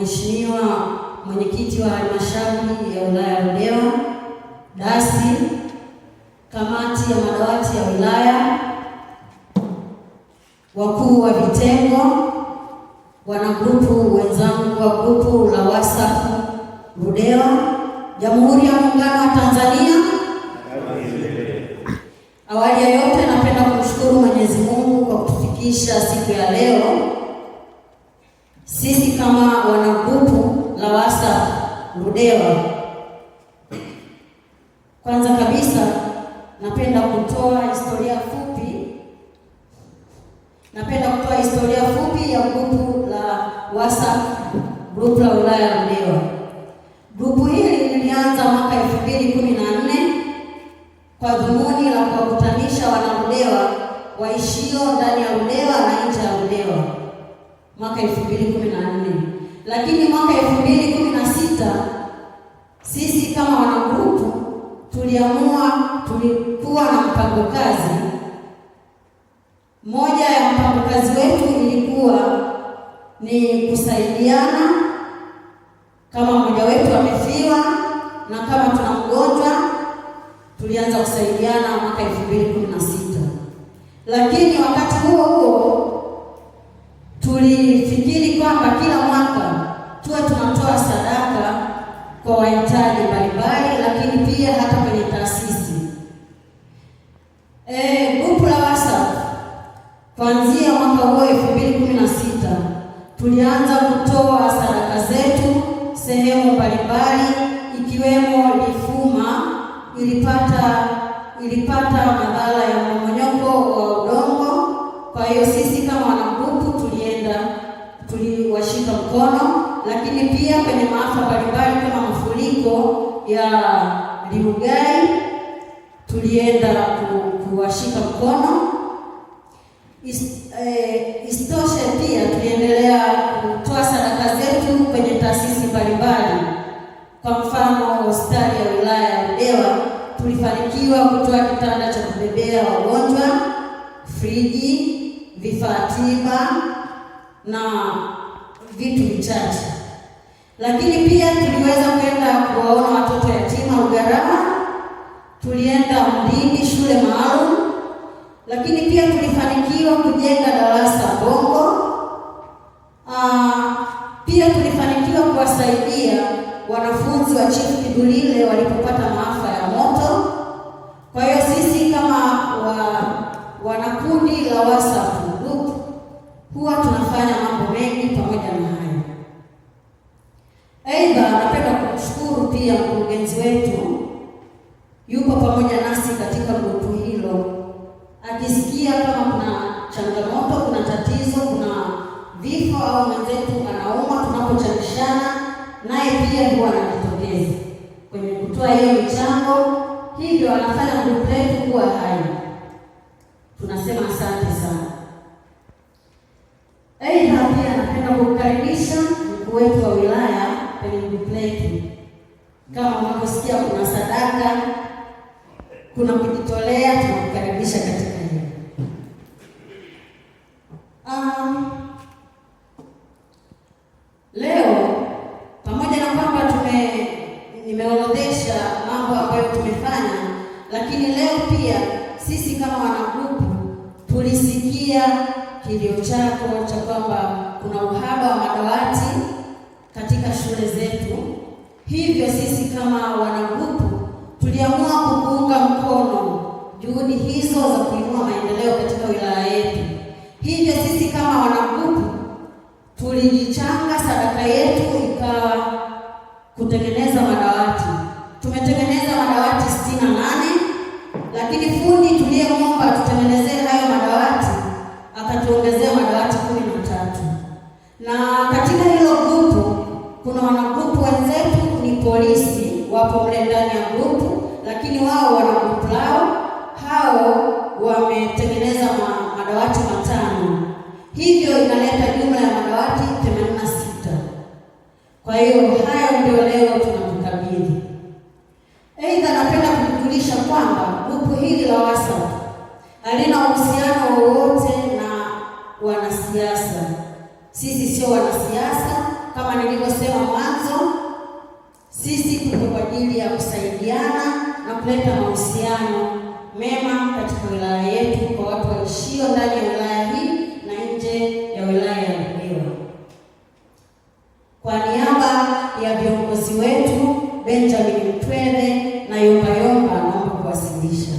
Mheshimiwa mwenyekiti wa halmashauri ya wilaya ya Ludewa, dasi, kamati ya madawati ya wilaya, wakuu wa vitengo, wanagrupu wenzangu wa grupu la WhatsApp Ludewa, Jamhuri ya Muungano wa Tanzania. Awali ya yote, napenda kumshukuru Mwenyezi Mungu kwa kutufikisha siku ya leo sisi kama wanagrupu la wasa Ludewa, kwanza kabisa napenda kutoa historia fupi, napenda kutoa historia fupi ya grupu la wasa grupu la wilaya ya Ludewa. Grupu hili lilianza mwaka 2014 kwa dhumuni la kuwakutanisha wanaludewa waishio ndani ya Ludewa na nje ya Ludewa mwaka nne lakini mwaka sita sisi kama wanagrupu tuliamua, tulikuwa na mpango kazi. Moja ya mpango kazi wetu ilikuwa ni kusaidiana kama mmoja wetu amefiwa na kama tuna mgonjwa, tulianza kusaidiana mwaka sita lakini wakati huo huo Kuanzia mwaka huo 2016 tulianza kutoa sadaka zetu sehemu mbalimbali ikiwemo Lifuma ilipata ilipata madhara ya mmomonyoko wa udongo. Kwa hiyo sisi kama wanagrupu tulienda tuliwashika mkono, lakini pia kwenye maafa mbalimbali kama mafuriko ya Limugai tulienda kuwashika mkono Isitoshe eh, pia tuliendelea kutoa sadaka zetu kwenye taasisi mbalimbali. Kwa mfano, hospitali ya wilaya ya Ludewa tulifanikiwa kutoa kitanda cha kubebea wagonjwa, friji, vifaa tiba na vitu vichache. Lakini pia tuliweza kwenda kuwaona watoto yatima Ugarama, tulienda mdini shule maalum, lakini pia tulifanikiwa kujenga darasa Bongo. Aa, ah, pia tulifanikiwa kuwasaidia wanafunzi wa Chifu Kidulile walipopata maafa ya moto. Kwa hiyo sisi kama wa, wanakundi la WhatsApp group huwa tunafanya mambo mengi pamoja na hayo. Aidha, napenda kumshukuru pia mkurugenzi wetu, yuko pamoja nasi katika grupu hilo akisikia kama kuna changamoto, kuna tatizo, kuna vifo au mwenzetu anaumwa, tunapochangishana naye pia huwa anajitokeza kwenye kutoa hiyo michango, hivyo anafanya ndugu letu kuwa hai. Tunasema asante sana. Aidha, pia napenda kukaribisha mkuu wetu wa wilaya kwenye ndugu letu, kama unavyosikia kuna sadaka kuna kujitolea, tunakukaribisha katika hiyo. Um, leo pamoja na kwamba tume nimeorodhesha mambo ambayo tumefanya, lakini leo pia sisi kama wanagrupu tulisikia kilio chako cha kwamba kuna uhaba wa madawati katika shule zetu, hivyo sisi kama wanagrupu tuliamua juhudi hizo za kuinua maendeleo katika wilaya yetu. Hivyo sisi kama wanakupu tulijichanga sadaka yetu ikawa kutengeneza madawati. Tumetengeneza madawati sitini na nane, lakini fundi tuliyemwomba tutengenezee hayo madawati akatuongezea madawati kumi na tatu. Na katika hilo grupu kuna wanakutu wenzetu ni polisi, wapo mle ndani ya grupu, lakini wao wana grupu lao hao wametengeneza madawati matano, hivyo inaleta jumla ya madawati 86. Kwa hiyo haya ndio leo tunakukabidhi. Aidha, napenda kukujulisha kwamba grupu hili la WhatsApp halina uhusiano wowote na wanasiasa. Sisi sio wanasiasa, kama nilivyosema mwanzo, sisi tuko kwa ajili ya kusaidiana na kuleta mahusiano mema katika wilaya yetu kwa watu waishio ndani ya wilaya hii na nje ya wilaya ya Ludewa. Kwa niaba ya viongozi wetu Benjamin Mtwele na Yombayomba, naomba kuwasilisha